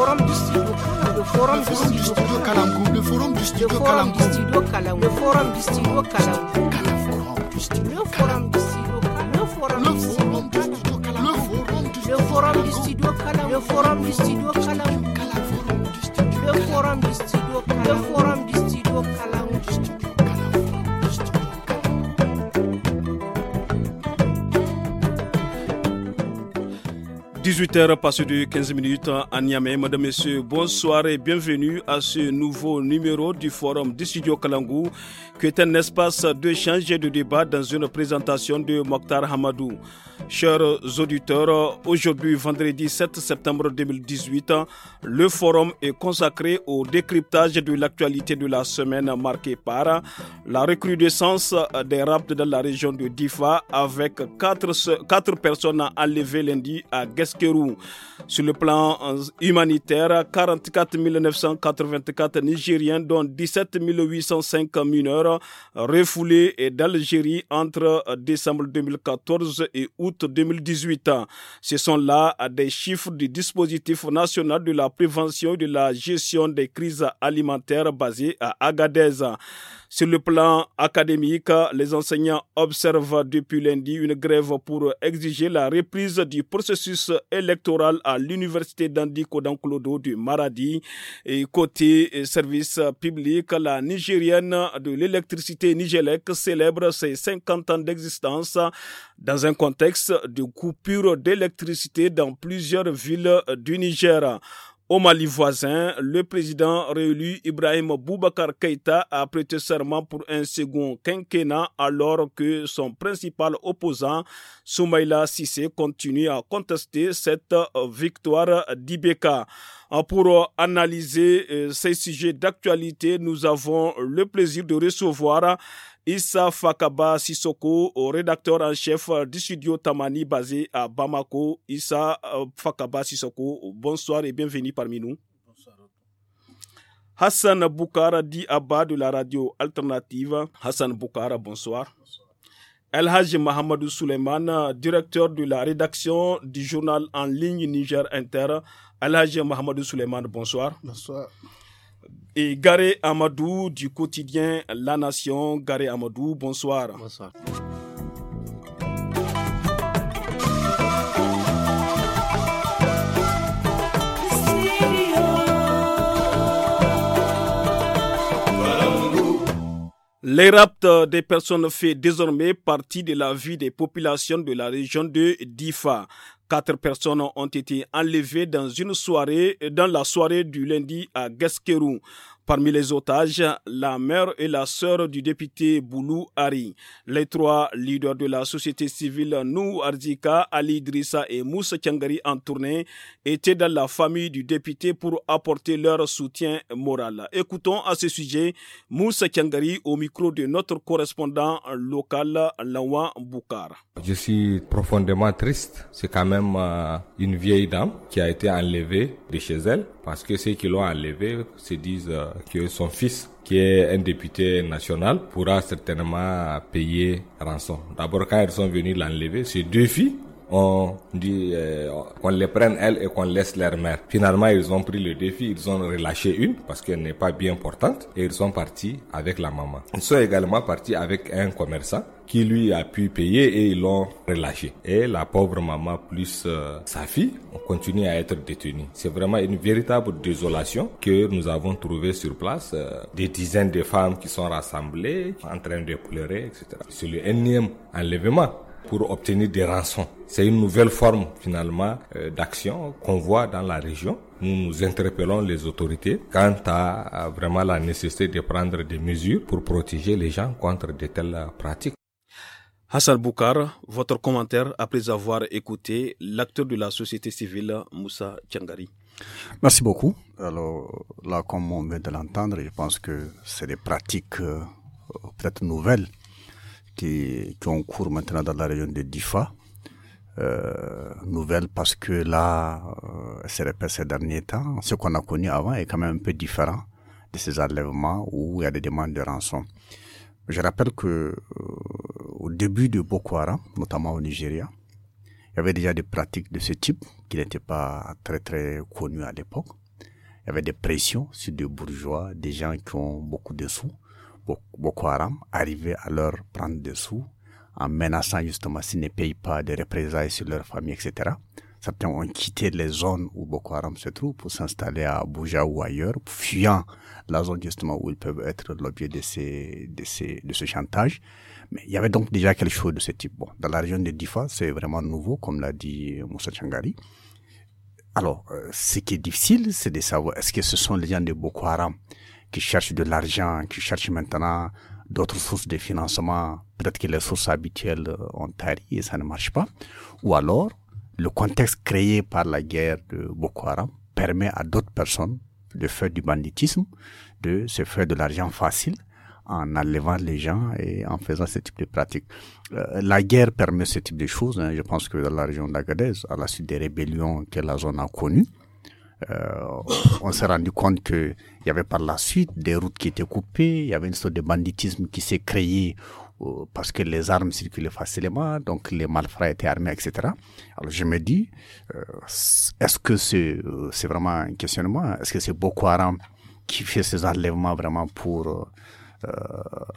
forum du studio le forum du studio le forum du studio le forum du studio forum du le forum du le forum du forum du forum du forum du 18h passé de 15 minutes à Niamey. Madame, Messieurs, bonsoir et bienvenue à ce nouveau numéro du Forum du Studio Kalangou, qui est un espace d'échange et de débat dans une présentation de Mokhtar Hamadou. Chers auditeurs, aujourd'hui, vendredi 7 septembre 2018, le Forum est consacré au décryptage de l'actualité de la semaine marquée par la recrudescence des raptes dans la région de Difa avec quatre, quatre personnes enlevées lundi à Geske sur le plan euh, humanitaire, 44 984 Nigériens, dont 17 805 mineurs, refoulés d'Algérie entre euh, décembre 2014 et août 2018. Ce sont là euh, des chiffres du dispositif national de la prévention et de la gestion des crises alimentaires basé à Agadez. Sur le plan académique, les enseignants observent depuis lundi une grève pour exiger la reprise du processus électoral à l'université d'Andiko Kodanklodo du Maradi. Et côté service public, la Nigérienne de l'électricité Nigelec célèbre ses 50 ans d'existence dans un contexte de coupure d'électricité dans plusieurs villes du Niger. Au Mali voisin, le président réélu Ibrahim Boubacar Keïta a prêté serment pour un second quinquennat alors que son principal opposant, Soumaïla Sissé, continue à contester cette euh, victoire d'Ibeka. Euh, pour euh, analyser ces sujets d'actualité, nous avons le plaisir de recevoir Issa Fakaba Sissoko, rédacteur en chef du studio Tamani basé à Bamako. Issa euh, Fakaba Sissoko, bonsoir et bienvenue parmi nous. Hassan Boukara Di Abba de la radio alternative. Hassan Boukara, bonsoir. El Hajj Mohamedou Souleyman, directeur de la rédaction du journal en ligne Niger Inter. El Haj Mohamedou Souleyman, bonsoir. Bonsoir et Garé Amadou du quotidien La Nation. Garé Amadou, bonsoir. Bonsoir. Les raptes des personnes fait désormais partie de la vie des populations de la région de Difa. Quatre personnes ont été enlevées dans une soirée, dans la soirée du lundi à Guesquerou. Parmi les otages, la mère et la sœur du député Boulou Ari. Les trois leaders de la société civile Nou Ardika, Ali Drissa et Moussa Tiangari en tournée étaient dans la famille du député pour apporter leur soutien moral. Écoutons à ce sujet Moussa Tiangari au micro de notre correspondant local Lawan Boukar. Je suis profondément triste. C'est quand même euh, une vieille dame qui a été enlevée de chez elle parce que ceux qui l'ont enlevée se disent euh, que son fils, qui est un député national, pourra certainement payer rançon. D'abord, quand ils sont venus l'enlever, ses deux filles on dit euh, qu'on les prenne elles et qu'on laisse leur mère. Finalement, ils ont pris le défi, ils ont relâché une parce qu'elle n'est pas bien portante et ils sont partis avec la maman. Ils sont également partis avec un commerçant qui lui a pu payer et ils l'ont relâché. Et la pauvre maman plus euh, sa fille ont continué à être détenues. C'est vraiment une véritable désolation que nous avons trouvée sur place. Euh, des dizaines de femmes qui sont rassemblées, en train de pleurer, etc. C'est le énième enlèvement pour obtenir des rançons. C'est une nouvelle forme finalement euh, d'action qu'on voit dans la région. Nous nous interpellons les autorités quant à, vraiment la nécessité de prendre des mesures pour protéger les gens contre de telles pratiques. Hassan Boukar, votre commentaire après avoir écouté l'acteur de la société civile Moussa Tiangari. Merci beaucoup. Alors là, comme on vient de l'entendre, je pense que c'est des pratiques euh, peut-être nouvelles qui, qui ont cours maintenant dans la région de Difa. Euh, nouvelle parce que là, c'est euh, répété ces derniers temps, ce qu'on a connu avant est quand même un peu différent de ces enlèvements où il y a des demandes de rançon. Je rappelle que euh, au début de Boko Haram, notamment au Nigeria, il y avait déjà des pratiques de ce type qui n'étaient pas très très connues à l'époque. Il y avait des pressions sur des bourgeois, des gens qui ont beaucoup de sous. Boko Haram arrivait à leur prendre des sous en menaçant justement s'ils ne payent pas des représailles sur leur famille, etc. Certains ont quitté les zones où Boko Haram se trouve pour s'installer à Abuja ou ailleurs, fuyant la zone justement où ils peuvent être l'objet de, ces, de, ces, de ce chantage. Mais il y avait donc déjà quelque chose de ce type. Bon, dans la région de Difa, c'est vraiment nouveau, comme l'a dit Moussa Changari. Alors, euh, ce qui est difficile, c'est de savoir est-ce que ce sont les gens de Boko Haram qui cherchent de l'argent, qui cherchent maintenant d'autres sources de financement, peut-être que les sources habituelles euh, ont tari et ça ne marche pas, ou alors le contexte créé par la guerre de Boko Haram permet à d'autres personnes de faire du banditisme, de se faire de l'argent facile en enlevant les gens et en faisant ce type de pratiques. Euh, la guerre permet ce type de choses. Hein. Je pense que dans la région d'Agadez, à la suite des rébellions que la zone a connues, euh, on s'est rendu compte que il y avait par la suite des routes qui étaient coupées, il y avait une sorte de banditisme qui s'est créé euh, parce que les armes circulaient facilement, donc les malfrats étaient armés, etc. Alors je me dis, euh, est-ce que c'est vraiment un questionnement Est-ce que c'est Boko Haram qui fait ces enlèvements vraiment pour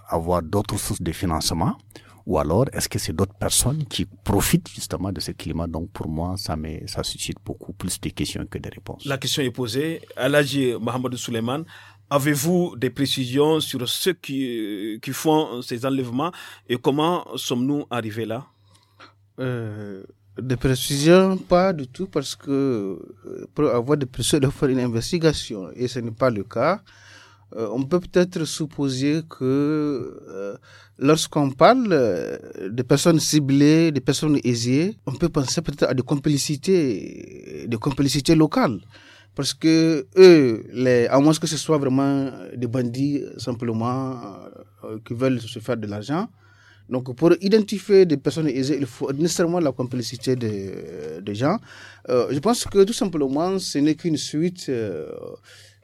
avoir d'autres sources de financement ou alors, est-ce que c'est d'autres personnes qui profitent justement de ce climat Donc, pour moi, ça, ça suscite beaucoup plus de questions que de réponses. La question est posée. à l'agir Mohamed Souleiman, avez-vous des précisions sur ceux qui, qui font ces enlèvements et comment sommes-nous arrivés là euh, Des précisions, pas du tout, parce que euh, pour avoir des précisions, il faut faire une investigation et ce n'est pas le cas. Euh, on peut peut-être supposer que euh, lorsqu'on parle euh, de personnes ciblées, de personnes aisées, on peut penser peut-être à des complicités, des complicités locales. Parce que eux, les, à moins que ce soit vraiment des bandits simplement qui veulent se faire de l'argent, donc, pour identifier des personnes aisées, il faut nécessairement la complicité des de gens. Euh, je pense que tout simplement, ce n'est qu'une suite euh,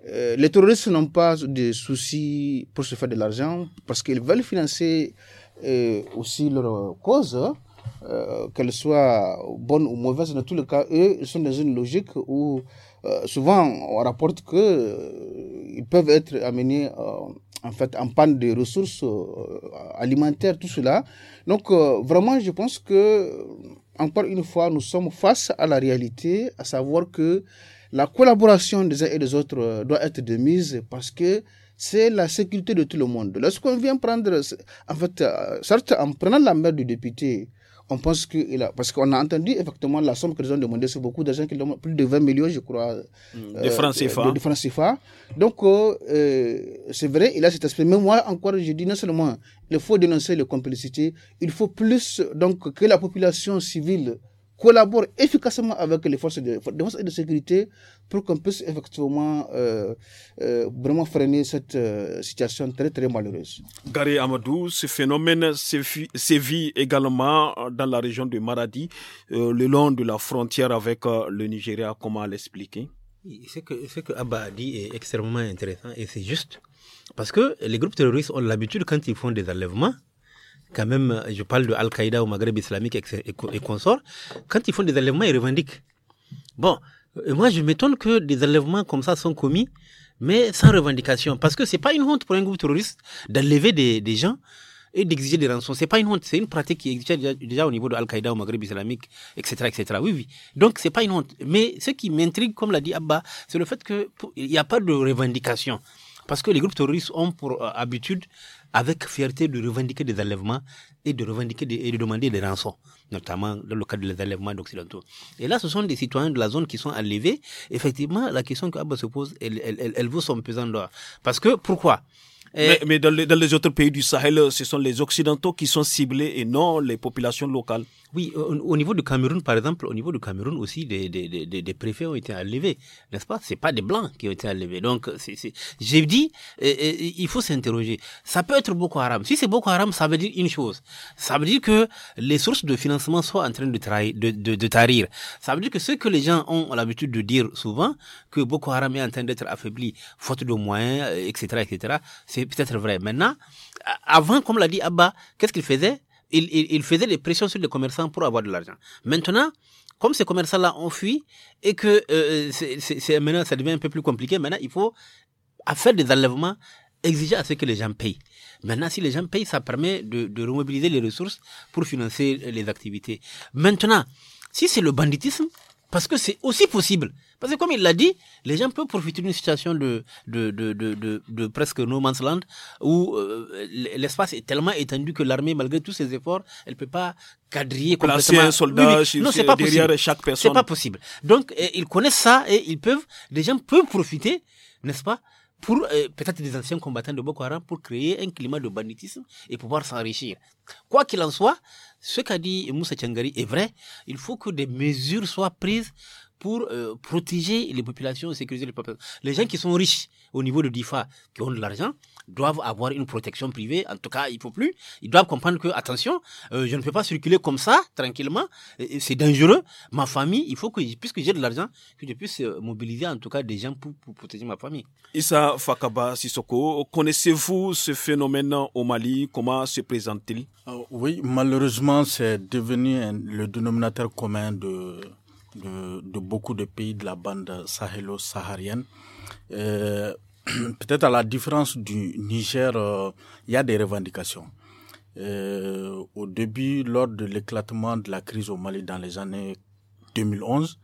euh, les terroristes n'ont pas de soucis pour se faire de l'argent parce qu'ils veulent financer euh, aussi leur cause, hein. euh, qu'elle soit bonne ou mauvaise. Dans tous les cas, eux, ils sont dans une logique où souvent on rapporte qu'ils peuvent être amenés en fait en panne de ressources alimentaires, tout cela. Donc vraiment, je pense que encore une fois, nous sommes face à la réalité, à savoir que la collaboration des uns et des autres euh, doit être de mise parce que c'est la sécurité de tout le monde. Lorsqu'on vient prendre, en fait, euh, certes, en prenant la mer du député, on pense qu'il a, parce qu'on a entendu effectivement la somme qu'ils ont demandé, c'est beaucoup d'argent qui l'ont, plus de 20 millions, je crois. Mm, euh, de francs CFA. De, Donc, c'est vrai, il a cet aspect. Mais moi, encore, je dis non seulement, il faut dénoncer les complicités, il faut plus, donc, que la population civile collabore efficacement avec les forces de défense et de sécurité pour qu'on puisse effectivement euh, euh, vraiment freiner cette euh, situation très très malheureuse. Gary Amadou, ce phénomène sévit également dans la région de Maradi, le long de la frontière avec le Nigeria. Comment l'expliquer ce que, ce que Abba a dit est extrêmement intéressant et c'est juste. Parce que les groupes terroristes ont l'habitude, quand ils font des enlèvements, quand même, je parle de Al-Qaïda au Maghreb islamique et, consorts, quand ils font des enlèvements, ils revendiquent. Bon, euh, moi je m'étonne que des enlèvements comme ça sont commis, mais sans revendication, parce que c'est pas une honte pour un groupe terroriste d'enlever des, gens et d'exiger des rançons. C'est pas une honte, c'est une pratique qui existait déjà, au niveau de Al-Qaïda, au Maghreb islamique, etc., etc. Oui, oui. Donc c'est pas une honte. Mais ce qui m'intrigue, comme l'a dit Abba, c'est le fait qu'il n'y a pas de revendication. Parce que les groupes terroristes ont pour euh, habitude avec fierté de revendiquer des enlèvements et de revendiquer et de demander des rançons, notamment dans le cadre des enlèvements d'Occidentaux. Et là, ce sont des citoyens de la zone qui sont enlevés. Effectivement, la question qu'Abba se pose, elle, elle, elle, elle vaut son pesant Parce que, pourquoi eh, mais, dans, dans, les, autres pays du Sahel, ce sont les Occidentaux qui sont ciblés et non les populations locales. Oui, au, niveau du Cameroun, par exemple, au niveau du Cameroun aussi, des, des, des, des préfets ont été enlevés, n'est-ce pas C'est pas des blancs qui ont été enlevés. Donc, j'ai dit, euh, euh, il faut s'interroger. Ça peut être Boko Haram. Si c'est Boko Haram, ça veut dire une chose. Ça veut dire que les sources de financement sont en train de, trahir, de, de, de tarir. Ça veut dire que ce que les gens ont l'habitude de dire souvent, que Boko Haram est en train d'être affaibli, faute de moyens, etc., etc., c'est peut-être vrai. Maintenant, avant, comme l'a dit Abba, qu'est-ce qu'il faisait il, il, il faisait des pressions sur les commerçants pour avoir de l'argent. Maintenant, comme ces commerçants-là ont fui et que euh, euh, c'est maintenant ça devient un peu plus compliqué, maintenant il faut faire des enlèvements exiger à ce que les gens payent. Maintenant, si les gens payent, ça permet de, de remobiliser les ressources pour financer les activités. Maintenant, si c'est le banditisme, parce que c'est aussi possible, parce que comme il l'a dit, les gens peuvent profiter d'une situation de, de, de, de, presque no man's land où euh, l'espace est tellement étendu que l'armée, malgré tous ses efforts, elle ne peut pas quadriller complètement. un soldat derrière chaque personne. C'est pas possible. Donc, ils connaissent ça et ils peuvent, les gens peuvent profiter, n'est-ce pas, pour euh, peut-être des anciens combattants de Boko Haram pour créer un climat de banditisme et pouvoir s'enrichir. Quoi qu'il en soit, ce qu'a dit Moussa Tchangari est vrai. Il faut que des mesures soient prises pour euh, protéger les populations, sécuriser les populations. Les gens qui sont riches au niveau de DIFA, qui ont de l'argent, doivent avoir une protection privée. En tout cas, il faut plus. Ils doivent comprendre que, attention, euh, je ne peux pas circuler comme ça, tranquillement. C'est dangereux. Ma famille, il faut que, puisque j'ai de l'argent, que je puisse euh, mobiliser en tout cas des gens pour, pour protéger ma famille. Issa Fakaba Sissoko, connaissez-vous ce phénomène au Mali Comment se présente-t-il ah Oui, malheureusement, c'est devenu le dénominateur commun de de, de beaucoup de pays de la bande sahélo-saharienne. Euh, Peut-être à la différence du Niger, euh, il y a des revendications. Euh, au début, lors de l'éclatement de la crise au Mali dans les années 2011,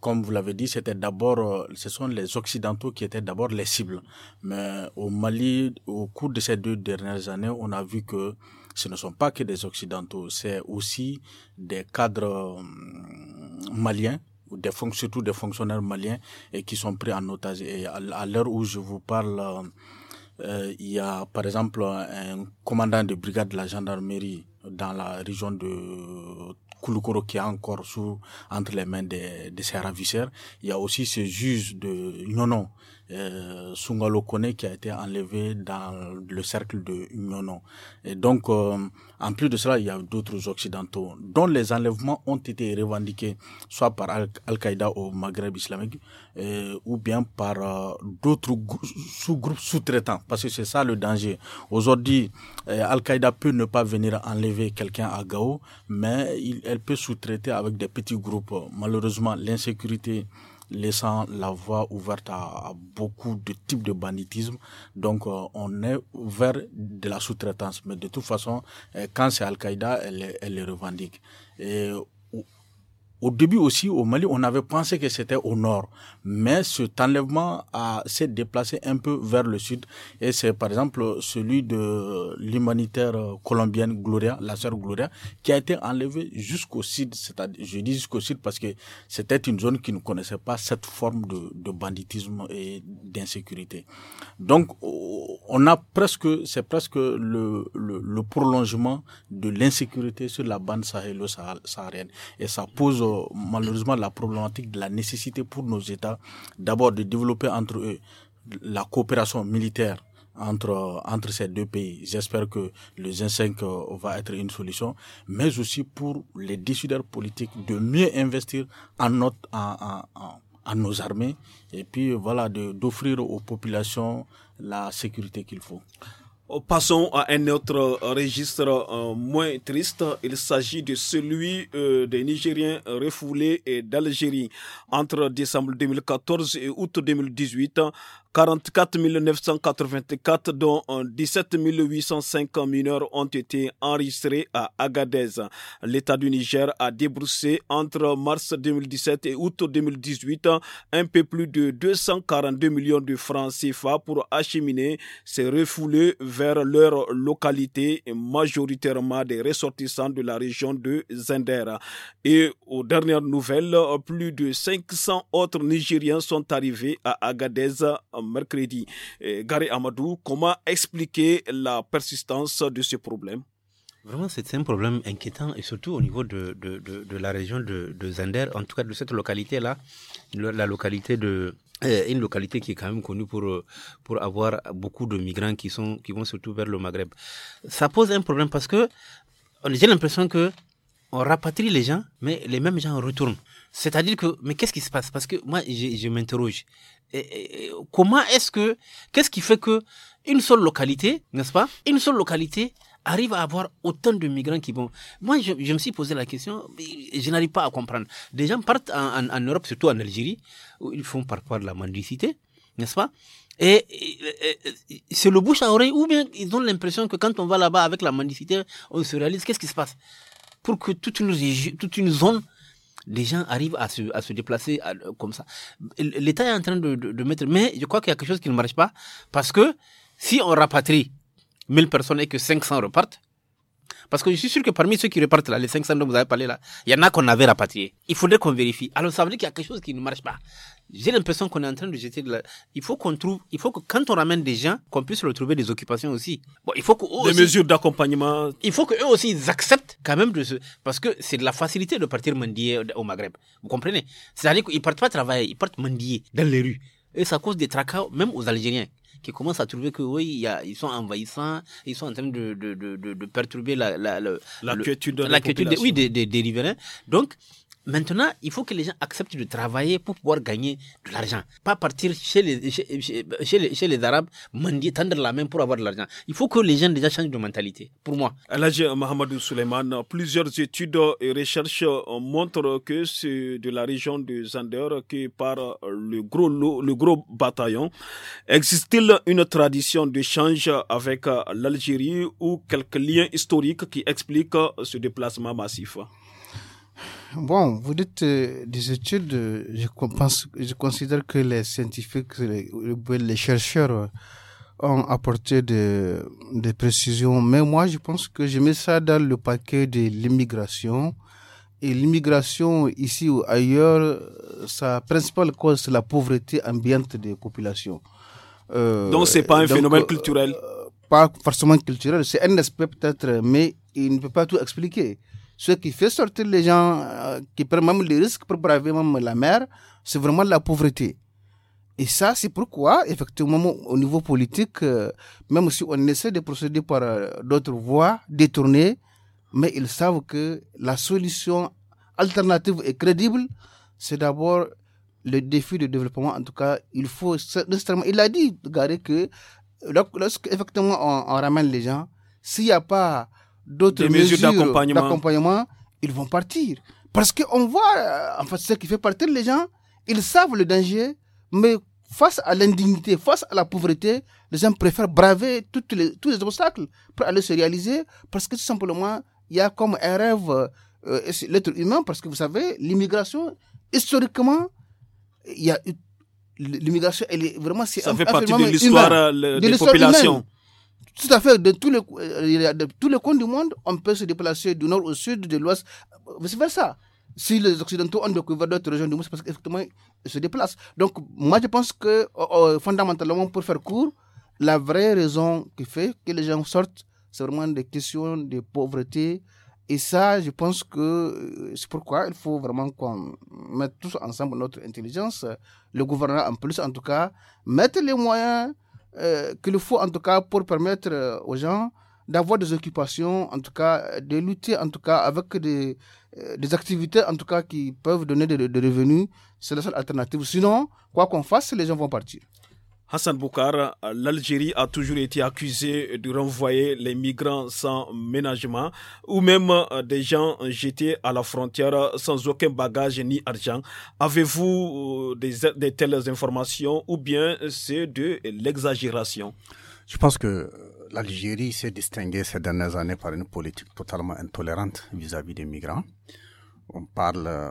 comme vous l'avez dit, c'était d'abord, euh, ce sont les Occidentaux qui étaient d'abord les cibles. Mais au Mali, au cours de ces deux dernières années, on a vu que ce ne sont pas que des Occidentaux, c'est aussi des cadres hum, maliens ou des surtout des fonctionnaires maliens et qui sont pris en otage. Et à, l'heure où je vous parle, euh, il y a par exemple un commandant de brigade de la gendarmerie dans la région de Kouloukoro qui est encore sous entre les mains des, de ses ravisseurs. Il y a aussi ce juge de Nyonon euh, Sungalo Kone qui a été enlevé dans le cercle de Nyono. Et donc, euh, en plus de cela, il y a d'autres Occidentaux dont les enlèvements ont été revendiqués soit par Al-Qaïda au Maghreb islamique euh, ou bien par euh, d'autres sous-groupes sous-traitants parce que c'est ça le danger. Aujourd'hui, euh, Al-Qaïda peut ne pas venir enlever quelqu'un à Gao, mais elle peut sous-traiter avec des petits groupes. Malheureusement, l'insécurité laissant la voie ouverte à, beaucoup de types de banditisme. Donc euh, on est vers de la sous-traitance. Mais de toute façon, euh, quand c'est Al-Qaïda, elle, elle les revendique. Au début aussi, au Mali, on avait pensé que c'était au nord, mais cet enlèvement s'est déplacé un peu vers le sud. Et c'est par exemple celui de l'humanitaire colombienne Gloria, la sœur Gloria, qui a été enlevée jusqu'au sud. C'est-à-dire, je dis jusqu'au sud parce que c'était une zone qui ne connaissait pas cette forme de, de banditisme et d'insécurité. Donc, oh, on a presque, c'est presque le, le, le prolongement de l'insécurité sur la bande sahélo-saharienne. Et ça pose malheureusement la problématique de la nécessité pour nos États d'abord de développer entre eux la coopération militaire entre, entre ces deux pays. J'espère que le G5 euh, va être une solution, mais aussi pour les décideurs politiques de mieux investir en, en nos armées et puis voilà d'offrir aux populations la sécurité qu'il faut. Passons à un autre euh, registre euh, moins triste. Il s'agit de celui euh, des Nigériens refoulés d'Algérie. Entre décembre 2014 et août 2018, 44 984, dont 17 euh, 805 mineurs ont été enregistrés à Agadez. L'État du Niger a débroussé entre mars 2017 et août 2018 un peu plus de 242 millions de francs CFA pour acheminer ces refoulés vers leur localité, majoritairement des ressortissants de la région de Zendera. Et aux dernières nouvelles, plus de 500 autres Nigériens sont arrivés à Agadez euh, mercredi. Gary Amadou, comment expliquer la persistance de ce problème Vraiment, c'est un problème inquiétant et surtout au niveau de, de, de, la région de, Zander, en tout cas de cette localité-là, la localité de euh, une localité qui est quand même connue pour euh, pour avoir beaucoup de migrants qui sont qui vont surtout vers le Maghreb. Ça pose un problème parce que j'ai l'impression que on rapatrie les gens, mais les mêmes gens retournent. C'est-à-dire que, mais qu'est-ce qui se passe Parce que moi, je, je m'interroge. comment est-ce que, qu'est-ce qui fait que une seule localité, n'est-ce pas Une seule localité arrive à avoir autant de migrants qui vont. Moi, je, me suis posé la question, je n'arrive pas à comprendre. Des gens partent en, Europe, surtout en Algérie, où ils font parfois de la mendicité, n'est-ce pas et, c'est le bouche à oreille, ou bien ils ont l'impression que quand on va là-bas avec la mendicité, on se réalise qu'est-ce qui se passe Pour que toute une, toute une zone les gens arrivent à se, à se déplacer euh, comme ça. L'État est en train de, de, de mettre, mais je crois qu'il y a quelque chose qui ne marche pas parce que si on rapatrie 1000 personnes et que 500 repartent, parce que je suis sûr que parmi ceux qui repartent là, les 500 dont vous avez parlé là, il y en a qu'on avait rapatrié. Il faudrait qu'on vérifie. Alors ça veut dire qu'il y a quelque chose qui ne marche pas. J'ai l'impression qu'on est en train de jeter de la... Il faut qu'on trouve, il faut que quand on ramène des gens, qu'on puisse retrouver des occupations aussi. Bon, il faut que Des mesures d'accompagnement. Il faut qu'eux aussi, ils acceptent quand même de se... Parce que c'est de la facilité de partir mendier au Maghreb. Vous comprenez? C'est-à-dire qu'ils partent pas travailler, ils partent mendier dans les rues. Et ça cause des tracas même aux Algériens qui commencent à trouver que oui, y ils sont envahissants, ils sont en train de, perturber la, la, la quiétude, la des, oui, des, des, des riverains. Donc, Maintenant, il faut que les gens acceptent de travailler pour pouvoir gagner de l'argent. Pas partir chez les, Arabes, mendier, tendre la main pour avoir de l'argent. Il faut que les gens déjà changent de mentalité, pour moi. Alage Mohamedou Suleiman, plusieurs études et recherches montrent que c'est de la région de Zander que par le gros, gros bataillon. Existe-t-il une tradition d'échange avec l'Algérie ou quelques liens historiques qui expliquent ce déplacement massif? Bon, vous dites euh, des études, euh, je, pense, je considère que les scientifiques, les, chercheurs euh, ont apporté des, précisions, mais moi je pense que je mets ça dans le paquet de l'immigration. Et l'immigration ici ou ailleurs, sa principale cause, c'est la pauvreté ambiante des populations. Euh, donc c'est pas un phénomène culturel Pas forcément culturel, c'est un aspect peut-être, mais il ne peut pas tout expliquer. Ce qui fait sortir les gens euh, qui prennent même les risques pour braver même la mer, c'est vraiment la pauvreté. Et ça, c'est pourquoi, effectivement, au niveau politique, euh, même si on essaie de procéder par euh, d'autres voies détournées, mais ils savent que la solution alternative et crédible, c'est d'abord le défi de développement. En tout cas, il faut Il a dit, regardez, que lorsque effectivement on, on ramène les gens, s'il n'y a pas d'autres mesures, d'accompagnement, ils vont partir. Parce qu'on voit, euh, en fait, ce qui fait partir les gens, ils savent le danger, mais face à l'indignité, face à la pauvreté, les gens préfèrent braver toutes les, tous les obstacles pour aller se réaliser, parce que tout simplement, il y a comme un rêve, euh, l'être humain, parce que vous savez, l'immigration, historiquement, il y a L'immigration, elle est vraiment. Ça fait partie de l'histoire euh, des populations. Tout à fait, de tous les, euh, tous les coins du monde, on peut se déplacer du nord au sud, de l'ouest, vice ça. Si les Occidentaux ont découvert d'autres régions du monde, c'est parce qu'effectivement, ils se déplacent. Donc, moi, je pense que, oh, oh, fondamentalement, pour faire court, la vraie raison qui fait que les gens sortent, c'est vraiment des questions de pauvreté. Et ça, je pense que euh, c'est pourquoi il faut vraiment qu'on mette tous ensemble notre intelligence, le gouvernement en plus en tout cas, mettre les moyens euh, qu'il faut en tout cas pour permettre euh, aux gens d'avoir des occupations, en tout cas, euh, de lutter en tout cas avec des, activités en tout cas qui peuvent donner des revenus. C'est la seule alternative. Sinon, quoi qu'on fasse, les gens vont partir. Hassan Boukar, l'Algérie a toujours été accusée de renvoyer les migrants sans ménagement ou même euh, des gens jetés à la frontière sans aucun bagage ni argent. Avez-vous euh, des, telles informations ou bien c'est de l'exagération Je pense que l'Algérie s'est distinguée ces dernières années par une politique totalement intolérante vis à -vis des migrants. On parle euh,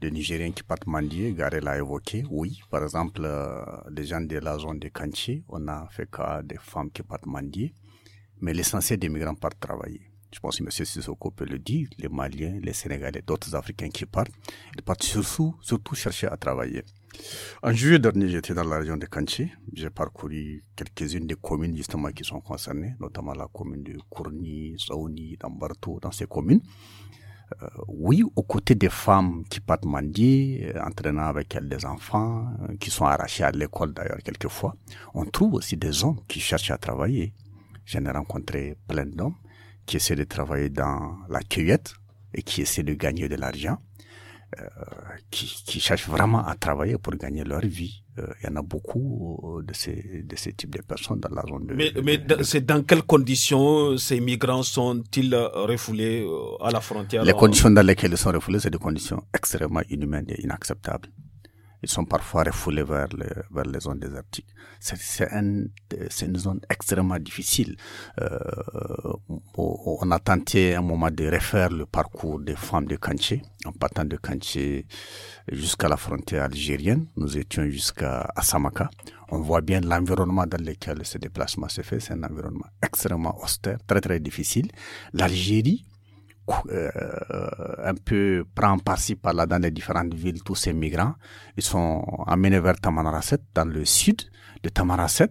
de Nigériens qui partent mendier, Garé l'a évoqué, oui. Par exemple, euh, les gens de la zone de Kanchi, on a fait cas des femmes qui partent mendier. Mais l'essentiel des migrants partent travailler. Je pense que M. Sissoko peut le dire, les Maliens, les Sénégalais, d'autres Africains qui partent, ils partent surtout, surtout chercher à travailler. En juillet dernier, j'étais dans la région de Kanchi. J'ai parcouru quelques-unes des communes justement qui sont concernées, notamment la commune de Kourni, Saouni, Dambarto, dans ces communes. Euh, oui, aux côtés des femmes qui partent mendier, euh, entraînant avec elles des enfants, euh, qui sont arrachés à l'école d'ailleurs quelquefois, on trouve aussi des hommes qui cherchent à travailler. J'en ai rencontré plein d'hommes qui essaient de travailler dans la cueillette et qui essaient de gagner de l'argent. Euh, qui, qui, cherchent vraiment à travailler pour gagner leur vie. Euh, il y en a beaucoup euh, de ces, de ces types de personnes dans la zone de... Mais, mais c'est dans quelles conditions ces migrants sont-ils refoulés à la frontière Les conditions dans lesquelles ils sont refoulés, c'est des conditions extrêmement inhumaines et inacceptables ils sont parfois refoulés vers les, vers les zones désertiques. C'est une zone extrêmement difficile. Euh, on a tenté à un moment de refaire le parcours des femmes de Kanché, en partant de Kanché jusqu'à la frontière algérienne. Nous étions jusqu'à Samaka. On voit bien l'environnement dans lequel ce déplacement se fait. C'est un environnement extrêmement austère, très très difficile. L'Algérie, euh, euh, un peu prend par par-là dans les différentes villes, tous ces migrants. Ils sont amenés vers Tamanrasset, dans le sud de Tamanrasset.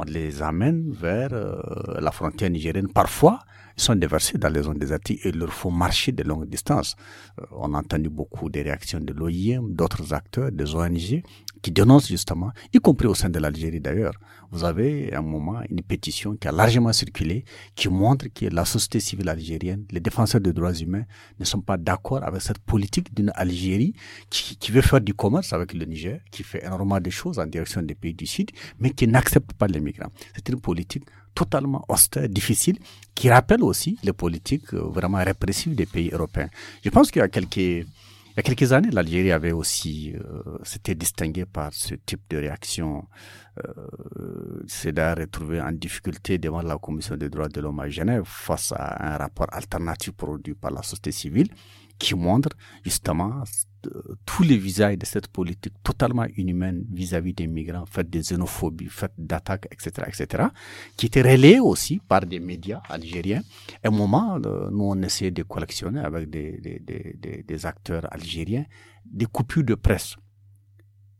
On les amène vers euh, la frontière nigérienne. Parfois, ils sont déversés dans les zones désertiques et il leur faut marcher de longues distances. on a entendu beaucoup des réactions de l'OIM, d'autres acteurs, des ONG, qui dénoncent justement, y compris au sein de l'Algérie d'ailleurs. Vous avez à un moment une pétition qui a largement circulé, qui montre que la société civile algérienne, les défenseurs des droits humains ne sont pas d'accord avec cette politique d'une Algérie qui, veut faire du commerce avec le Niger, qui fait énormément de choses en direction des pays du Sud, mais qui n'accepte pas les migrants. C'est une politique totalement austère, difficile, qui rappelle aussi les politiques euh, vraiment répressives des pays européens. Je pense qu'il y a quelques... Il y a quelques années, l'Algérie avait aussi, euh, s'était distinguée par ce type de réaction. Euh, c'est d'ailleurs retrouvé en difficulté devant la Commission des droits de l'homme à Genève face à un rapport alternatif produit par la société civile qui montre justement euh, tous les visages de cette politique totalement inhumaine vis-à-vis des migrants, faite de xénophobie, faite d'attaques, etc., etc., qui était relayée aussi par des médias algériens. À un moment, euh, nous, on essayait de collectionner avec des, des, des, des acteurs algériens des coupures de presse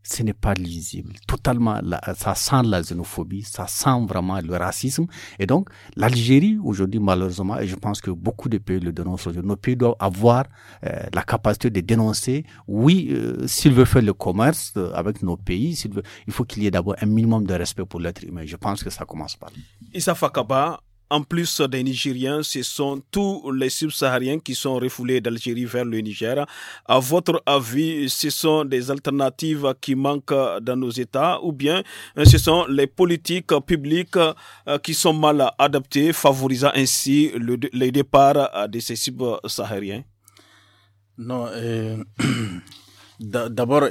ce n'est pas lisible. Totalement, ça sent la xénophobie, ça sent vraiment le racisme. Et donc, l'Algérie, aujourd'hui, malheureusement, et je pense que beaucoup de pays le dénoncent nos pays doivent avoir euh, la capacité de dénoncer. Oui, euh, s'il veut faire le commerce euh, avec nos pays, veut, il faut qu'il y ait d'abord un minimum de respect pour l'être humain. Je pense que ça commence par là. Issa Fakaba, en plus des Nigériens, ce sont tous les subsahariens qui sont refoulés d'Algérie vers le Niger. À votre avis, ce sont des alternatives qui manquent dans nos États ou bien euh, ce sont les politiques publiques euh, qui sont mal adaptées, favorisant ainsi le, les départs euh, de ces subsahariens Non, d'abord,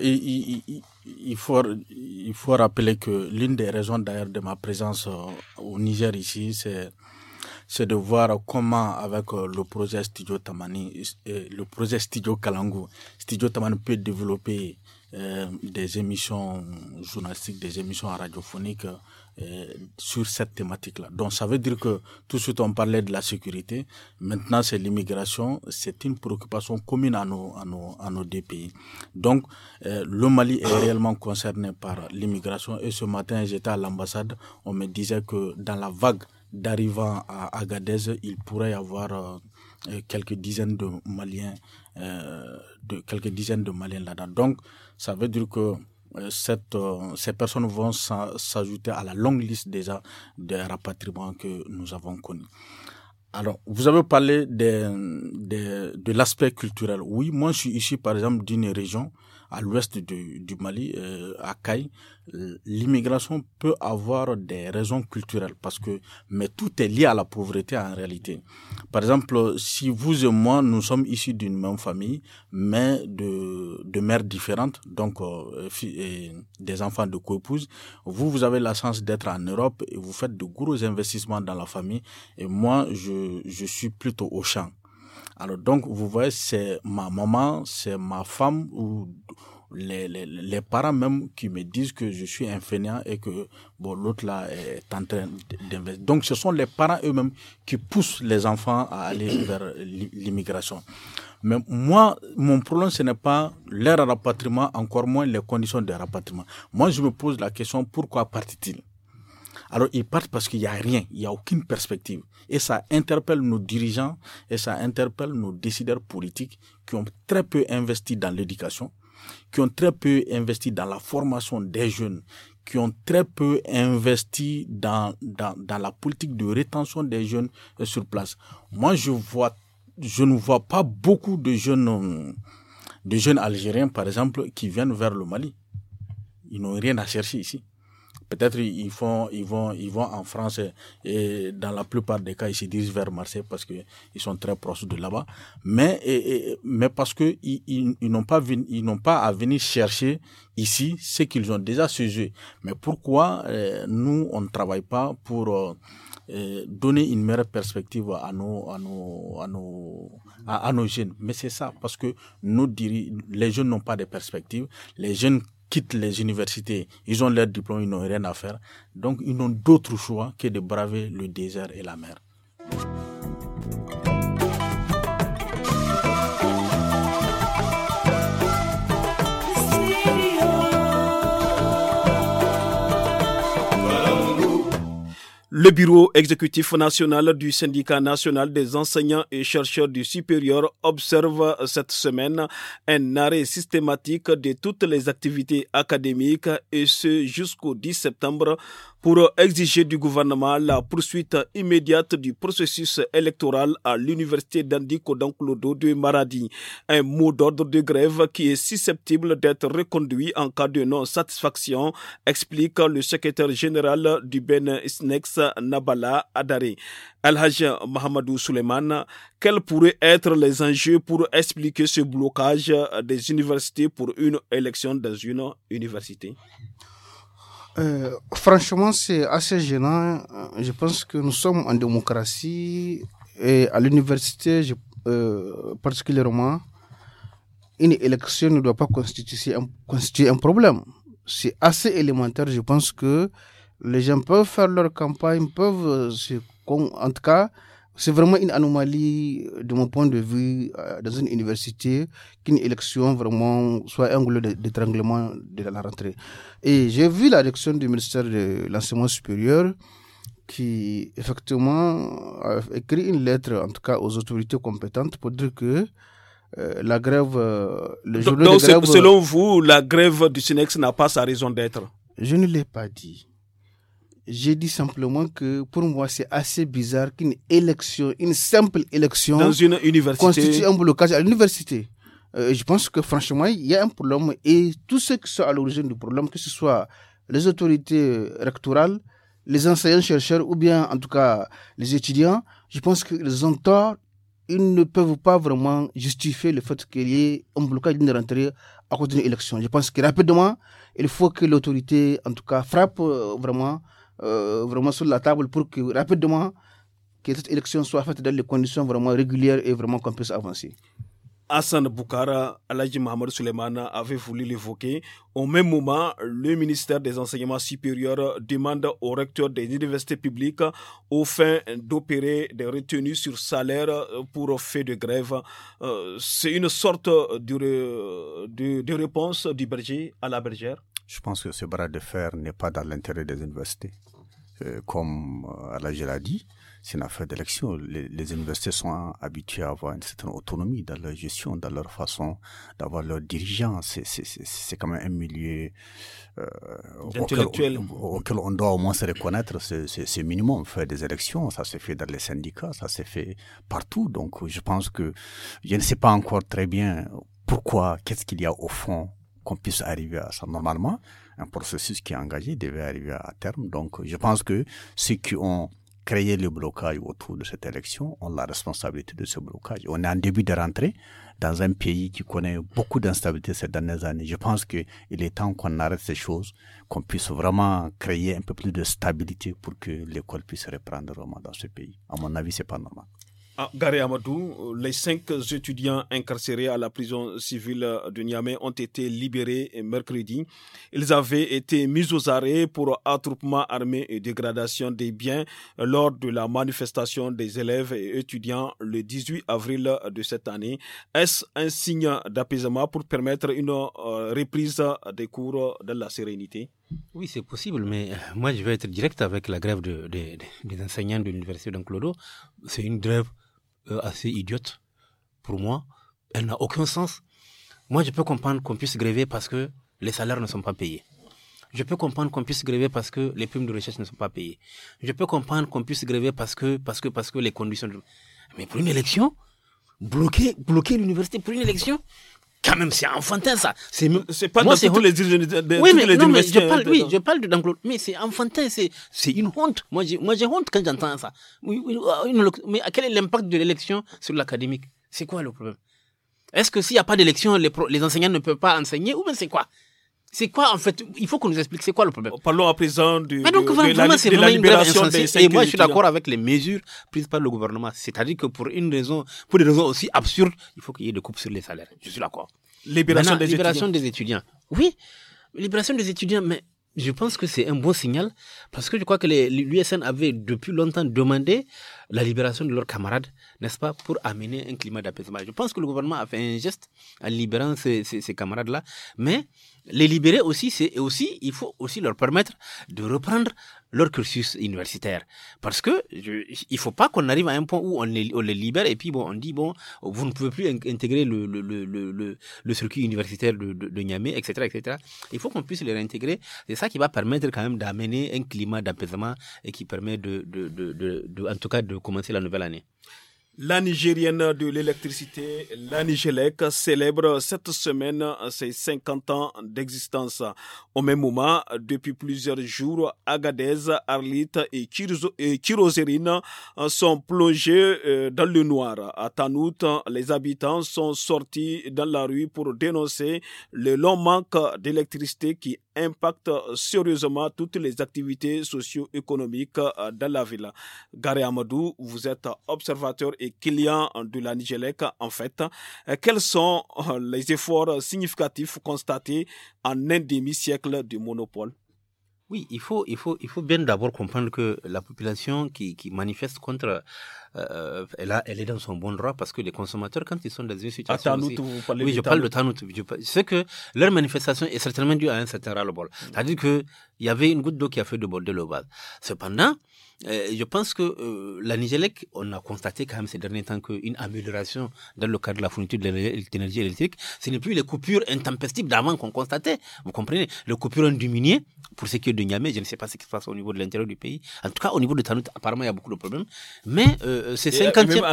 il faut, rappeler que l'une des raisons d'ailleurs de ma présence euh, au Niger ici, c'est de voir comment avec euh, le projet Studio Tamani, euh, le projet Studio Kalangu, Studio Tamani peut développer des émissions journalistiques, des émissions radiophoniques euh, sur cette thématique-là. Donc ça veut dire que tout de suite on parlait de la sécurité, maintenant c'est l'immigration, c'est une préoccupation commune à nos, à nos, à nos deux pays. Donc euh, le Mali est réellement concerné par l'immigration et ce matin j'étais à l'ambassade, on me disait que dans la vague d'arrivants à Agadez, il pourrait y avoir euh, quelques dizaines de Maliens, de quelques dizaines de Maliens là-dedans. Donc ça veut dire que euh, cette, euh, ces personnes vont s'ajouter à la longue liste déjà des rapatriements que nous avons connus. Alors, vous avez parlé de de l'aspect culturel. Oui, moi je suis ici, par exemple d'une région à l'ouest du, Mali, euh, à Kaye, l'immigration peut avoir des raisons culturelles parce que, mais tout est lié à la pauvreté en réalité. Par exemple, si vous et moi, nous sommes issus d'une même famille, mais de, de mères différentes, donc euh, des enfants de co-épouses, vous, vous avez la chance d'être en Europe et vous faites de gros investissements dans la famille et moi, je, je suis plutôt au champ. Alors donc, vous voyez, c'est ma maman, c'est ma femme ou les, les, les, parents même qui me disent que je suis un fainéant et que bon, l'autre là est en train d'investir. Donc ce sont les parents eux-mêmes qui poussent les enfants à aller vers l'immigration. Mais moi, mon problème, ce n'est pas leur rapatriement, encore moins les conditions de rapatriement. Moi, je me pose la question, pourquoi partent-ils alors ils partent parce qu'il n'y a rien, il n'y a aucune perspective. Et ça interpelle nos dirigeants et ça interpelle nos décideurs politiques qui ont très peu investi dans l'éducation, qui ont très peu investi dans la formation des jeunes, qui ont très peu investi dans, dans, dans la politique de rétention des jeunes euh, sur place. Moi, je, vois, je ne vois pas beaucoup de jeunes, euh, de jeunes Algériens, par exemple, qui viennent vers le Mali. Ils n'ont rien à chercher ici. Peut-être ils font, ils vont, ils vont en France et dans la plupart des cas ils se dirigent vers Marseille parce que ils sont très proches de là-bas. Mais mais parce que ils, n'ont pas ils n'ont pas à venir chercher ici ce qu'ils ont déjà sur Mais pourquoi euh, nous on ne travaille pas pour euh, euh, donner une meilleure perspective à nos à nos à nos à, nos jeunes. Mais c'est ça parce que nos les jeunes n'ont pas de perspective. Les jeunes quittent les universités, ils ont leur diplôme, ils n'ont rien à faire. Donc, ils n'ont d'autre choix que de braver le désert et la mer. Le bureau exécutif national du syndicat national des enseignants et chercheurs du supérieur observe cette semaine un arrêt systématique de toutes les activités académiques et ce jusqu'au 10 septembre pour exiger du gouvernement la poursuite immédiate du processus électoral à l'université d'Andiko Danklodo de Maradi. Un mot d'ordre de grève qui est susceptible d'être reconduit en cas de non-satisfaction, explique le secrétaire général du Ben Snex Nabala Adare. Alhaj Mohamedou Suleiman, quels pourraient être les enjeux pour expliquer ce blocage des universités pour une élection dans une université? Euh, franchement, c'est assez gênant. Je pense que nous sommes en démocratie et à l'université, euh, particulièrement, une élection ne doit pas constituer constituer un problème. C'est assez élémentaire. Je pense que les gens peuvent faire leur campagne, peuvent, en tout cas, c'est vraiment une anomalie euh, de mon point de vue euh, dans une université qu'une élection vraiment soit un goulot d'étranglement de la rentrée. Et j'ai vu la du ministère de l'enseignement supérieur qui effectivement a écrit une lettre en tout cas aux autorités compétentes pour dire que euh, la grève, le grève. Selon vous, la grève du Sinex n'a pas sa raison d'être. Je ne l'ai pas dit. J'ai dit simplement que pour moi, c'est assez bizarre qu'une élection, une simple élection, constitue un blocage à l'université. Euh, je pense que franchement, il y a un problème et tous ceux qui sont à l'origine du problème, que ce soit les autorités euh, rectorales, les enseignants-chercheurs ou bien en tout cas les étudiants, je pense qu'ils ont tort. Ils ne peuvent pas vraiment justifier le fait qu'il y ait un blocage d'une rentrée à cause d'une élection. Je pense que rapidement, il faut que l'autorité, en tout cas, frappe euh, vraiment euh, vraiment sur la table pour que rapidement que cette élection soit faite dans les conditions vraiment régulières et vraiment qu'on puisse avancer. Hassan Boukara, Aladji Mohamed Souleymane avait voulu l'évoquer. Au même moment, le ministère des Enseignements supérieurs demande au recteurs des universités publiques au fin d'opérer des retenues sur salaire pour fait de grève. Euh, c'est une sorte de, de, de réponse du berger à la bergère je pense que ce bras de fer n'est pas dans l'intérêt des universités. Euh, comme euh, Alagé l'a dit, c'est une affaire d'élection. Les, les, universités sont habituées à avoir une certaine autonomie dans leur gestion, dans leur façon d'avoir leur dirigeants. C'est quand même un milieu euh, auquel, auquel, on doit au moins se reconnaître. C'est minimum. Faire des élections, ça se fait dans les syndicats, ça se fait partout. Donc je pense que je ne sais pas encore très bien pourquoi, qu'est-ce qu'il y a au fond qu'on puisse arriver à ça. Normalement, un processus qui est engagé devait arriver à terme. Donc, je pense que ceux qui ont créé le blocage autour de cette élection ont la responsabilité de ce blocage. On est en début de rentrée dans un pays qui connaît beaucoup d'instabilité ces dernières années. Je pense qu'il est temps qu'on arrête ces choses, qu'on puisse vraiment créer un peu plus de stabilité pour que l'école puisse reprendre vraiment dans ce pays. À mon avis, c'est pas normal. Garé Amadou, les cinq étudiants incarcérés à la prison civile de Niamey ont été libérés mercredi. Ils avaient été mis aux arrêts pour attroupement armé et dégradation des biens lors de la manifestation des élèves et étudiants le 18 avril de cette année. Est-ce un signe d'apaisement pour permettre une euh, reprise des cours de la sérénité? Oui, c'est possible, mais euh, moi je vais être direct avec la grève des enseignants de l'université d'Enclodo. C'est une grève euh, assez idiote pour moi. Elle n'a aucun sens. Moi, je peux comprendre qu'on puisse gréver parce que les salaires ne sont pas payés. Je peux comprendre qu'on puisse gréver parce que les primes de recherche ne sont pas payées. Je peux comprendre qu'on puisse gréver parce que, parce que, parce que les conditions. Mais pour une élection, bloquer, bloquer l'université pour une élection, quand même, c'est enfantin ça. C'est pas Moi, dans tous les, de, oui, mais, les euh, je parle, de... oui, je parle de mais c'est enfantin, c'est une honte. Moi, j'ai honte quand j'entends ça. Euh, mais quel est l'impact de l'élection sur l'académique C'est quoi le problème Est-ce que s'il n'y a pas d'élection, les, les enseignants ne peuvent pas enseigner ou bien c'est quoi c'est quoi, en fait Il faut qu'on nous explique c'est quoi le problème. Parlons à présent du, de, la, libération des Et moi, je suis d'accord avec les mesures prises par le gouvernement. C'est-à-dire que pour une raison, pour des raisons aussi absurdes, il faut qu'il y ait des coupes sur les salaires. Je suis d'accord. Libération, des, libération étudiants. des étudiants. Oui, libération des étudiants, mais je pense que c'est un bon signal parce que je crois que l'USN avait depuis longtemps demandé la libération de leurs camarades, n'est-ce pas, pour amener un climat d'apaisement. Je pense que le gouvernement a fait un geste en libérant ces camarades-là, mais les libérer aussi, c'est aussi, il faut aussi leur permettre de reprendre leur cursus universitaire. Parce que il faut pas qu'on arrive à un point où on les, libère et puis bon, on dit bon, vous ne pouvez plus intégrer le, le, circuit universitaire de, de, Niamey, etc., etc. Il faut qu'on puisse les réintégrer. C'est ça qui va permettre quand même d'amener un climat d'apaisement et qui permet de, de, de, en tout cas, de commencer la nouvelle année. La Nigérienne de l'électricité, la Nigélec, célèbre cette semaine ses 50 ans d'existence. Au même moment, depuis plusieurs jours, Agadez, Arlit et, Kirozerine sont plongés euh, dans le noir. À Tanout, les habitants sont sortis dans la rue pour dénoncer le long manque d'électricité qui impacte sérieusement toutes les activités socio-économiques euh, dans la ville. Gare Amadou, vous êtes observateur et clients de la Nigelec. En fait, euh, quels sont euh, les efforts significatifs constatés en un demi-siècle de monopole oui, il faut, il faut, il faut bien d'abord comprendre que la population qui, qui manifeste contre, euh, elle, est dans son bon droit parce que les consommateurs, quand ils sont dans une situation. Oui, je parle de Tanout. C'est que leur manifestation est certainement due à un certain ras-le-bol. C'est-à-dire qu'il y avait une goutte d'eau qui a fait déborder le vase. Cependant, euh, je pense que euh, la Nigélec, on a constaté quand même ces derniers temps qu'une amélioration dans le cadre de la fourniture de l'énergie électrique, ce n'est plus les coupures intempestives d'avant qu'on constatait. Vous comprenez Les coupures ont diminué pour ce qui est de Niamey. Je ne sais pas ce qui se passe au niveau de l'intérieur du pays. En tout cas, au niveau de Tanout, apparemment, il y a beaucoup de problèmes. Mais euh, ce 50e... Même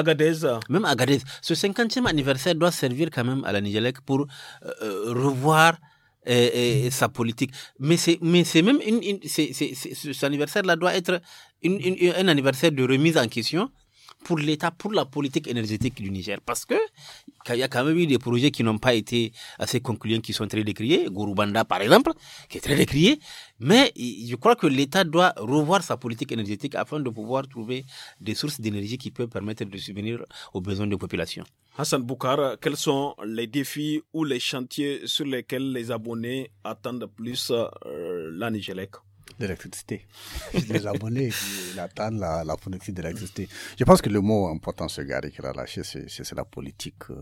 Agadez. Même Ce 50e anniversaire doit servir quand même à la Nigélec pour revoir... sa politique. Mais c'est, mais c'est même une, c'est, c'est, ce, cet anniversaire-là doit être un anniversaire de remise en question pour l'État, pour la politique énergétique du Niger. Parce que il y a quand même eu des projets qui n'ont pas été assez concluants, qui sont très décriés. Gourubanda, par exemple, qui est très décrié. Mais je crois que l'État doit revoir sa politique énergétique afin de pouvoir trouver des sources d'énergie qui peuvent permettre de subvenir aux besoins des populations. Hassan Boukhar, quels sont les défis ou les chantiers sur lesquels les abonnés attendent plus euh, la Nigélec L'électricité. les abonnés qui attendent la, fourniture de d'électricité. Je pense que le mot important, ce garé qu'il a lâché, c'est la politique euh,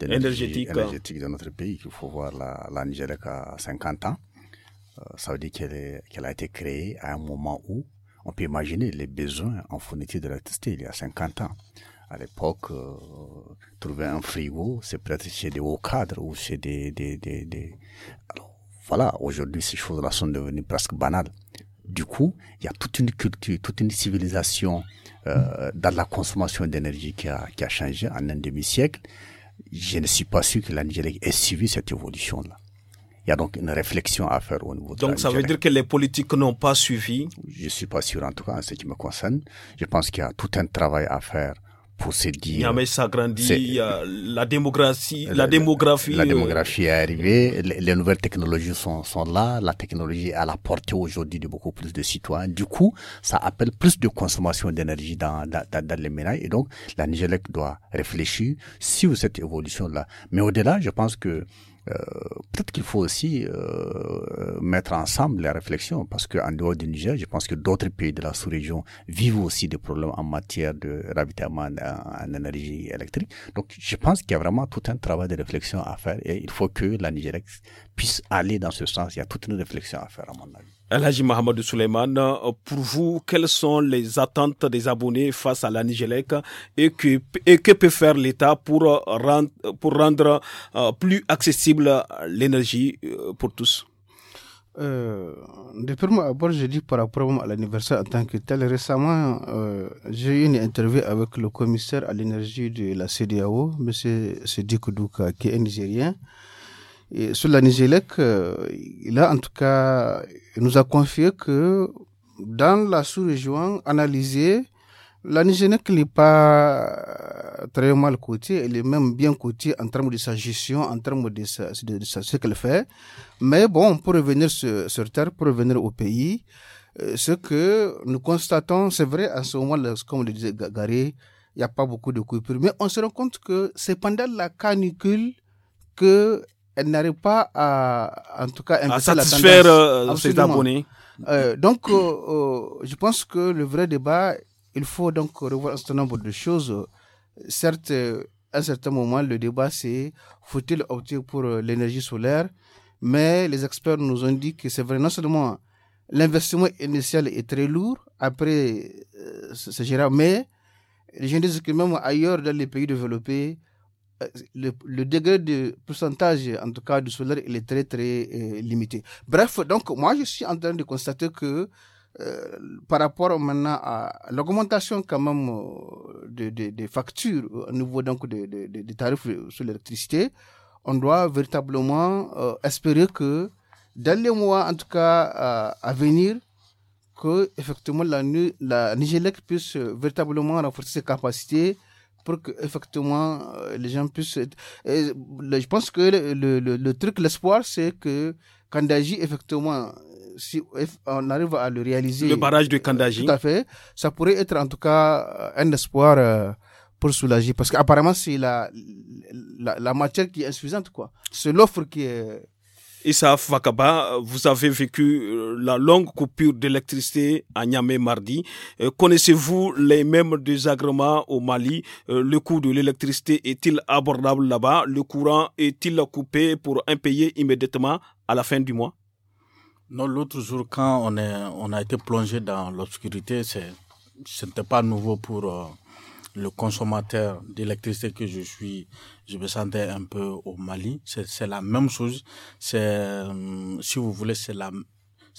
énergétique, énergétique, de notre pays. Il faut voir la, la à 50 ans. Euh, ça veut dire qu'elle a été créée à un moment où on peut imaginer les besoins en fourniture d'électricité il y a 50 ans. À l'époque, euh, trouver un frigo, c'est pratiquer chez des hauts cadres ou chez des... des, voilà, aujourd'hui, ces choses-là sont devenues presque banales. Du coup, il y a toute une culture, toute une civilisation euh, dans la consommation d'énergie qui a, changé en un demi-siècle. Je ne suis pas sûr que la ait suivi cette évolution-là. Il y a donc une réflexion à faire au niveau de Donc ça veut dire que les politiques n'ont pas suivi Je ne suis pas sûr en tout cas en ce qui me concerne. Je pense qu'il y a tout un travail à faire pour se dire. la démographie, la, démographie. La, euh, démographie est arrivée, les, nouvelles technologies sont, sont, là, la technologie est à la portée aujourd'hui de beaucoup plus de citoyens. Du coup, ça appelle plus de consommation d'énergie dans, dans, les ménages et donc la Nigélec doit réfléchir sur cette évolution-là. Mais au-delà, je pense que euh, peut-être qu'il faut aussi euh, mettre ensemble les réflexions, parce qu'en dehors du Niger, je pense que d'autres pays de la sous-région vivent aussi des problèmes en matière de ravitaillement en, énergie électrique. Donc, je pense qu'il y a vraiment tout un travail de réflexion à faire et il faut que la Nigeria puisse aller dans ce sens. Il y a toute une réflexion à faire, à mon avis. Alhaji Mohamed Suleiman, euh, pour vous, quelles sont les attentes des abonnés face à la Nigélec et que, et que peut faire l'État pour euh, rendre, euh, plus accessible l'énergie pour tous euh, de je dis par rapport à l'anniversaire en tant que tel. Récemment, j'ai eu une interview avec le commissaire à l'énergie de la CDAO, M. Sedik qui est nigérien sur la Nigélec, euh, il a en tout cas, nous a confié que dans la sous-région analysée, la Nigélec n'est pas très mal cotée, elle est même bien cotée en termes de sa gestion, en termes de, ce qu'elle fait. Mais bon, pour revenir sur, sur Terre, pour revenir au pays, euh, ce que nous constatons, c'est vrai, à ce moment-là, comme le disait Garé, il n'y a pas beaucoup de coupures. Mais on se rend compte que c'est pendant la canicule que elle n'arrive pas à, en tout cas, à satisfaire euh, ses abonnés. Euh, donc, euh, je pense que le vrai débat, il faut donc revoir un certain nombre de choses. Certes, à un certain moment, le débat, c'est faut-il opter pour l'énergie solaire Mais les experts nous ont dit que c'est vrai, non seulement l'investissement initial est très lourd, après, c'est gérable, mais les gens disent que même ailleurs, dans les pays développés, euh, le, le, degré de pourcentage, en tout cas, du solaire, il est très, très euh, limité. Bref, donc, moi, je suis en train de constater que euh, par rapport maintenant à l'augmentation quand même des factures au niveau donc des de, tarifs sur l'électricité, on doit véritablement espérer que dans les mois, en tout cas, à venir, que effectivement la, la Nigélec puisse véritablement renforcer ses capacités pour que effectivement euh, les gens puissent. Être... je pense que le, le, truc, l'espoir, c'est que Kandaji, effectivement, si on arrive à le réaliser. Le barrage de Kandaji. Euh, tout à fait. Ça pourrait être en tout cas euh, un espoir pour soulager. Parce qu'apparemment, c'est la, la, la, matière qui est insuffisante, quoi. C'est l'offre qui est Issa Vakaba, vous avez vécu euh, la longue coupure d'électricité à Niamey mardi. Euh, connaissez-vous les mêmes désagréments au Mali euh, Le coût de l'électricité est-il abordable là-bas Le courant est-il coupé pour impayer immédiatement à la fin du mois Non, l'autre jour, quand on, a été plongé dans l'obscurité, ce n'était pas nouveau pour le consommateur d'électricité que je suis, je me sentais un peu au Mali. C'est la même chose. C'est, euh, si vous voulez, c'est la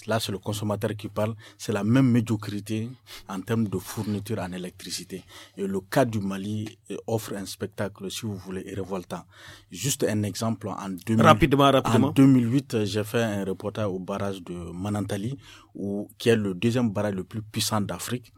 Là, c'est le consommateur qui parle. C'est la même médiocrité en termes de fourniture en électricité. Et le cas du Mali euh, offre un spectacle, si vous voulez, révoltant. Juste un exemple. En, rapidement, en 2008, j'ai fait un reportage au barrage de Manantali, qui est le deuxième barrage le plus puissant d'Afrique.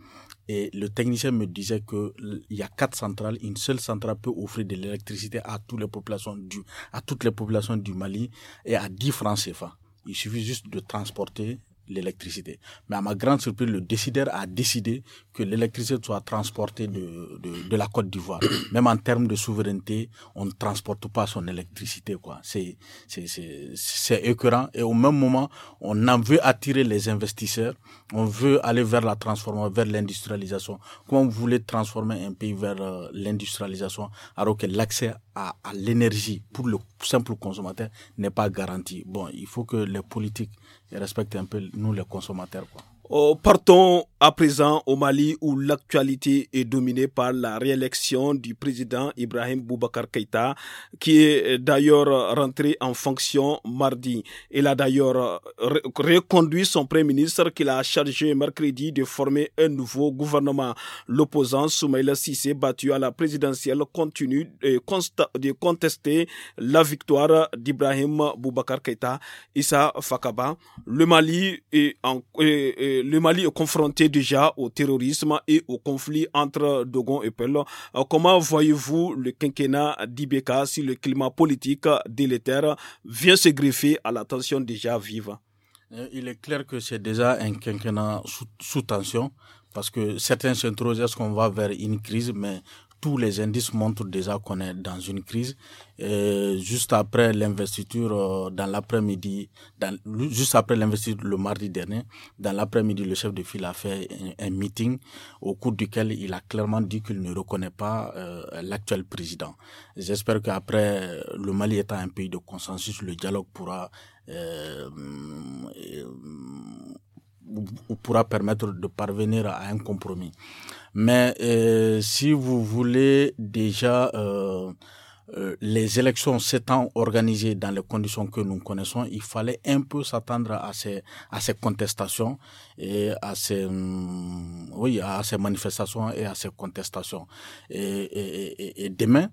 Et le technicien me disait que il y a quatre centrales, une seule centrale peut offrir de l'électricité à, toutes les populations du, à toutes les populations du Mali et à 10 francs CFA. Il suffit juste de transporter l'électricité. Mais à ma grande surprise, le décideur a décidé que l'électricité soit transportée de, de, la Côte d'Ivoire. Même en termes de souveraineté, on ne transporte pas son électricité, quoi. C'est, c'est, c'est écœurant. Et au même moment, on en veut attirer les investisseurs. On veut aller vers la transformation, vers l'industrialisation. Comment vous voulez transformer un pays vers euh, l'industrialisation alors que l'accès à, à l'énergie pour le simple consommateur n'est pas garanti? Bon, il faut que les politiques et respecte un peu nous les consommateurs. Quoi. Oh, partons à présent, au Mali, où l'actualité est dominée par la réélection du président Ibrahim Boubacar Keïta, qui est d'ailleurs rentré en fonction mardi. Il a d'ailleurs reconduit son premier ministre qu'il a chargé mercredi de former un nouveau gouvernement. L'opposant Soumaïla Sissé, battu à la présidentielle, continue de contester la victoire d'Ibrahim Boubacar Keïta. Issa Fakaba, le Mali est, en, le Mali est confronté déjà au terrorisme et au conflit entre Dogon et Peul. Euh, comment voyez-vous le quinquennat d'Ibeka si le climat politique délétère vient se greffer à la tension déjà vive euh, Il est clair que c'est déjà un quinquennat sous, tension parce que certains s'interrogent ce qu'on va vers une crise, mais tous les indices montrent déjà qu'on est dans une crise. juste après l'investiture, euh, dans l'après-midi, juste après l'investiture le mardi dernier, dans l'après-midi, le chef de file a fait un, meeting au cours duquel il a clairement dit qu'il ne reconnaît pas euh, l'actuel président. J'espère qu'après, euh, le Mali étant un pays de consensus, le dialogue pourra ou pourra permettre de parvenir à un compromis. Mais euh, si vous voulez déjà euh, euh, les élections s'étant organisées dans les conditions que nous connaissons, il fallait un peu s'attendre à ces à ces contestations et à ces hum, oui à ces manifestations et à ces contestations. Et, et, et, et demain,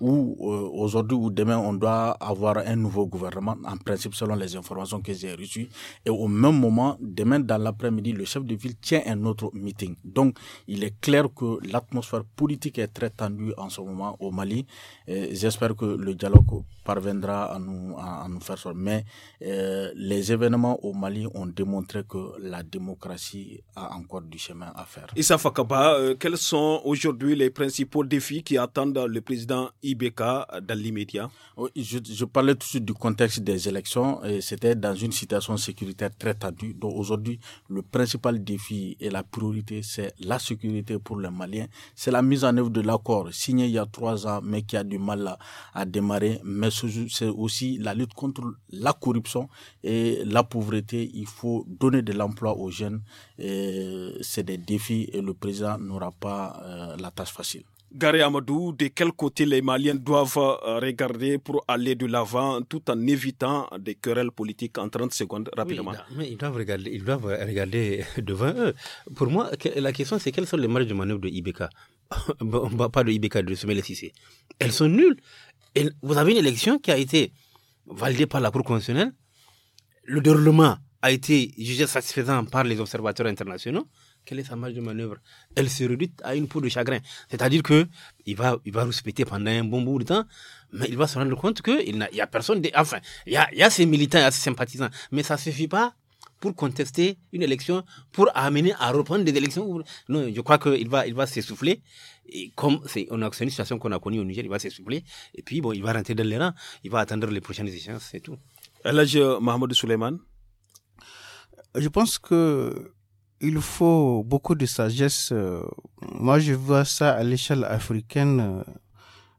ou euh, aujourd'hui ou demain on doit avoir un nouveau gouvernement, en principe selon les informations que j'ai reçues. Et au même moment, demain dans l'après-midi, le chef de ville tient un autre meeting. Donc il est clair que l'atmosphère politique est très tendue en ce moment au Mali. J'espère que le dialogue parviendra à nous, à, nous faire sortir. Mais euh, les événements au Mali ont démontré que la démocratie a encore du chemin à faire. Issa Fakaba, euh, quels sont aujourd'hui les principaux défis qui attendent le président IBK dans l'immédiat je, parlais tout de suite du contexte des élections. C'était dans une situation sécuritaire très tendue. Donc aujourd'hui, le principal défi et la priorité, c'est la sécurité pour les Maliens. C'est la mise en œuvre de l'accord signé il y a trois ans, mais qui a du mal à, démarrer. Mais c'est aussi la lutte contre la corruption et la pauvreté. Il faut donner de l'emploi aux jeunes. C'est des défis et le président n'aura pas euh, la tâche facile. Gary Amadou, de quel côté les Maliens doivent euh, regarder pour aller de l'avant tout en évitant des querelles politiques en 30 secondes rapidement mais ils doivent, regarder, ils doivent regarder devant eux. Pour moi, la question c'est quelles sont les marges de manœuvre de IBK On bah, pas de IBK, de Sommel Elles sont nulles. vous avez une élection qui a été validée par la Cour conventionnelle. Le déroulement a été jugé satisfaisant par les observateurs internationaux quelle est sa marge de manœuvre Elle se réduit à une peau de chagrin. C'est-à-dire que il va, il va pendant un bon bout de temps, mais il va se rendre compte qu'il n'y a, a, personne. enfin, il y a, ces militants, il y a ses sympathisants, mais ça ne suffit pas pour contester une élection, pour amener à reprendre des élections. Non, je crois qu'il va, il va s'essouffler. Et comme c'est une situation qu'on a connue au Niger, il va s'essouffler. Et puis, bon, il va rentrer dans les rangs. Il va attendre les prochaines échéances, c'est tout. Elle Mohamed Souleymane. Je pense que il faut beaucoup de sagesse. Euh, moi, je vois ça à l'échelle africaine.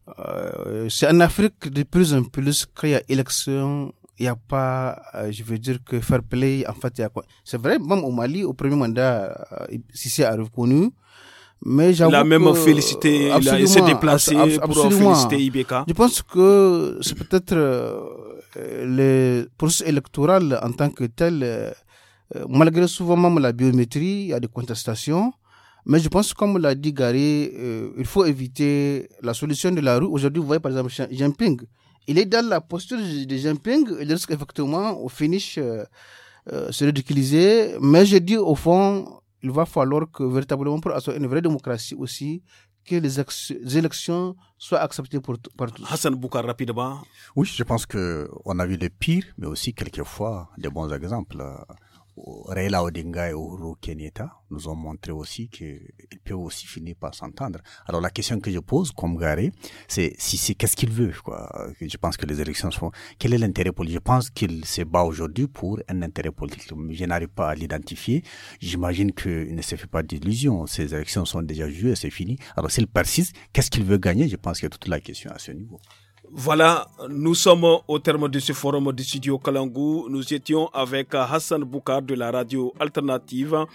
Euh, euh, c'est en Afrique de plus en plus qu'il y a élection, il n'y a pas, je veux dire que fair play, en fait, il y a quoi. C'est vrai, même au Mali, au premier mandat, Sissi a reconnu. Mais j'avoue. a même félicité, il s'est déplacé pour féliciter Ibeka. Je pense que c'est peut-être le processus électoral en tant que tel euh, malgré souvent même la biométrie, il y a des contestations. Mais je pense, comme l'a dit Gary, euh, il faut éviter la solution de la rue. Aujourd'hui, vous voyez par exemple Jinping. Il est dans la posture de Jinping. Il risque effectivement au finish de euh, se ridiculiser. Mais je dis au fond, il va falloir que véritablement pour avoir une vraie démocratie aussi, que les, élections soient acceptées par tous. Hassan Boukar, rapidement. Oui, je pense que on a vu le pire, mais aussi quelquefois des bons exemples. Réla Odinga et Uhuru Kenyatta nous ont montré aussi qu'ils peuvent aussi finir par s'entendre. Alors la question que je pose comme Garé, c'est si c'est qu'est-ce qu'il veut quoi. Je pense que les élections sont quel est l'intérêt politique Je pense qu'il se bat aujourd'hui pour un intérêt politique. Je n'arrive pas à l'identifier. J'imagine qu'il ne se fait pas d'illusions. Ces élections sont déjà jouées, c'est fini. Alors s'il persiste, qu'est-ce qu'il veut gagner Je pense que toute la question à ce niveau. Voilà, nous sommes au terme de ce forum du studio Kalangou. Nous étions avec Hassan Boukar de la radio alternative.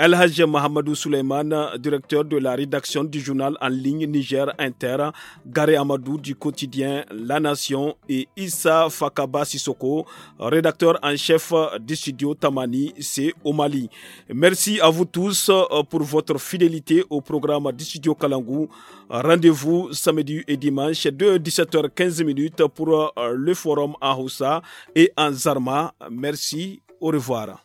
Hajj Mohamedou Souleyman, directeur de la rédaction du journal en ligne Niger Inter, Garé Amadou du quotidien La Nation et Issa Fakaba Sissoko, rédacteur en chef du studio Tamani, c'est au Mali. Merci à vous tous euh, pour votre fidélité au programme du studio Kalangou. Rendez-vous samedi et dimanche de 17h15 pour euh, le forum à Houssa et en Zarma. Merci, au revoir.